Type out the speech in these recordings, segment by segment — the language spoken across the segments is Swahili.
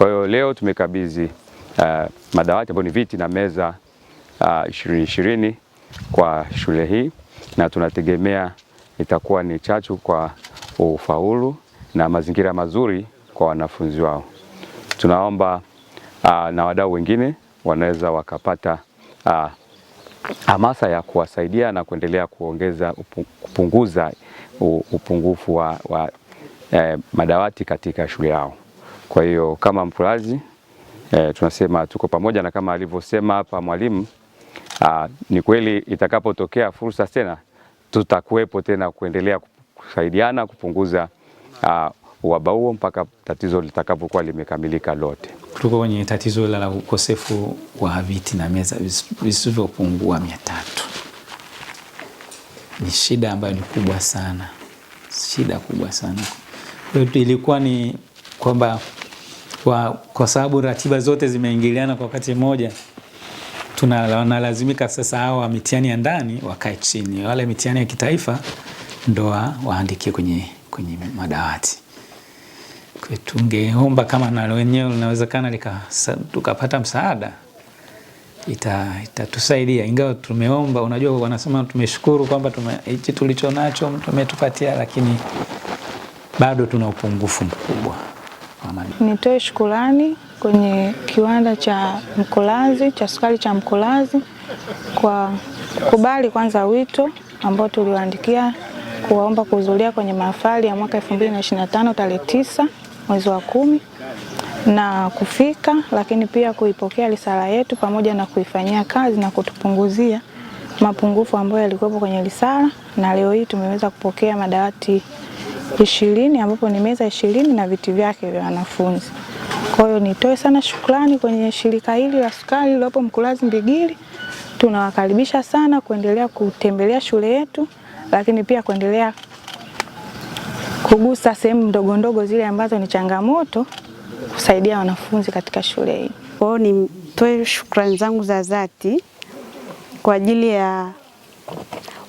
Kwa hiyo leo tumekabidhi uh, madawati ambayo ni viti na meza uh, ishirini uh, ishirini kwa shule hii na tunategemea itakuwa ni chachu kwa ufaulu na mazingira mazuri kwa wanafunzi wao. Tunaomba uh, na wadau wengine wanaweza wakapata uh, hamasa ya kuwasaidia na kuendelea kuongeza kupunguza upungufu wa, wa eh, madawati katika shule yao. Kwa hiyo kama Mkulazi e, eh, tunasema tuko pamoja, na kama alivyosema hapa mwalimu ah, ni kweli, itakapotokea fursa tena tutakuwepo tena kuendelea kusaidiana kupunguza aa, ah, uhaba huo mpaka tatizo litakapokuwa limekamilika lote. Tuko kwenye tatizo la ukosefu wa viti na meza visivyopungua mia tatu. Ni shida ambayo ni kubwa sana, shida kubwa sana. Ilikuwa ni kwamba kwa, kwa sababu ratiba zote zimeingiliana kwa wakati mmoja, tunalazimika sasa hao wa mitihani ya ndani wakae chini, wale mitihani ya kitaifa ndo waandikie kwenye, kwenye madawati. Tungeomba kama na wenyewe linawezekana tukapata msaada, itatusaidia ita, ingawa tumeomba, unajua wanasema tumeshukuru kwamba hichi tulicho nacho mtu ametupatia, lakini bado tuna upungufu mkubwa. Nitoe shukurani kwenye kiwanda cha Mkolazi cha sukari cha Mkolazi kwa kukubali kwanza wito ambao tuliwaandikia kuwaomba kuhudhuria kwenye mahafali ya mwaka 2025 tarehe tisa mwezi wa kumi na kufika, lakini pia kuipokea risala yetu pamoja na kuifanyia kazi na kutupunguzia mapungufu ambayo yalikuwepo kwenye risala, na leo hii tumeweza kupokea madawati ishirini ambapo ni meza ishirini na viti vyake vya wanafunzi. Kwa hiyo nitoe sana shukrani kwenye shirika hili la sukari lilopo Mkulazi Mbigili. Tunawakaribisha sana kuendelea kutembelea shule yetu, lakini pia kuendelea kugusa sehemu ndogo ndogo zile ambazo ni changamoto kusaidia wanafunzi katika shule hii. Kwa hiyo nitoe shukrani zangu za dhati kwa ajili ya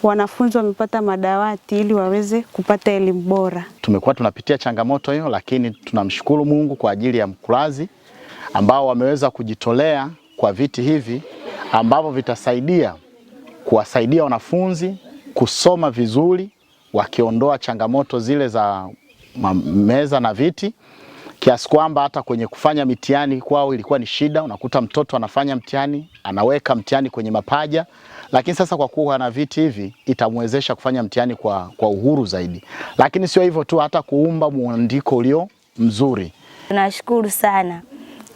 wanafunzi wamepata madawati ili waweze kupata elimu bora. Tumekuwa tunapitia changamoto hiyo, lakini tunamshukuru Mungu kwa ajili ya Mkulazi ambao wameweza kujitolea kwa viti hivi ambavyo vitasaidia kuwasaidia wanafunzi kusoma vizuri, wakiondoa changamoto zile za meza na viti, kiasi kwamba hata kwenye kufanya mitihani kwao ilikuwa ni shida. Unakuta mtoto anafanya mtihani, anaweka mtihani kwenye mapaja lakini sasa kwa kuwa na viti hivi itamwezesha kufanya mtihani kwa, kwa uhuru zaidi, lakini sio hivyo tu, hata kuumba mwandiko ulio mzuri. Tunashukuru sana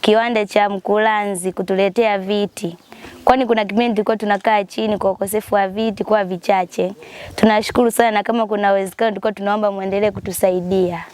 kiwanda cha Mkulanzi kutuletea viti, kwani kuna kipindi tulikuwa tunakaa chini kwa ukosefu wa viti kwa vichache. Tunashukuru sana, kama kuna uwezekano tulikuwa tunaomba muendelee kutusaidia.